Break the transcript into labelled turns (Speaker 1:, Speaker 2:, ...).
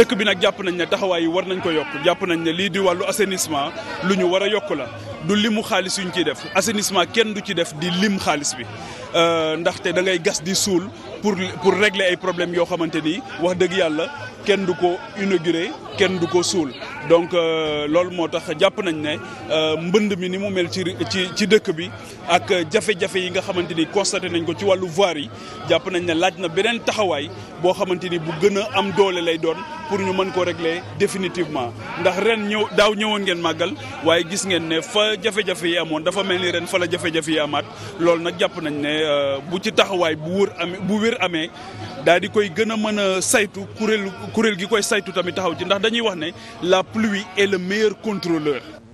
Speaker 1: dëkk bi nag jàpp nañ ne taxawaay yi war nañ ko yokk jàpp nañ ne lii di wàllu assainissement lu ñu war a yokk la du limu xaalis yuñ ciy def assainissement kenn du ci def di lim xaalis bi euh, ndaxte da ngay gas di suul pour pour régler ay problèmes yoo xamante ni wax dëgg yàlla kenn du ko inauguré kenn du ko suul donc euh, loolu moo tax jàpp nañ ne euh, mbënd mi ni mu mel ci ci ci dëkk bi ak jafe-jafe yi nga xamante ni constaté nañ ko ci wàllu voirie yi jàpp nañ ne laaj na beneen taxawaay boo xamante ni bu gën a am doole lay doon pour ñu mën ko régler définitivement ndax ren ñëw daaw ñëwoon ngeen màggal waaye gis ngeen ne fa jafe-jafe yi amoon dafa mel ni ren fa la jafe-jafe yi amaat loolu nag jàpp nañ ne euh, bu ci taxawaay bu wër amee bu wér amee daal di koy gën a mën a saytu kuréel kuréel gi koy saytu tamit taxaw ci ndax dañuy wax ne la pluie est le meilleur contrôleur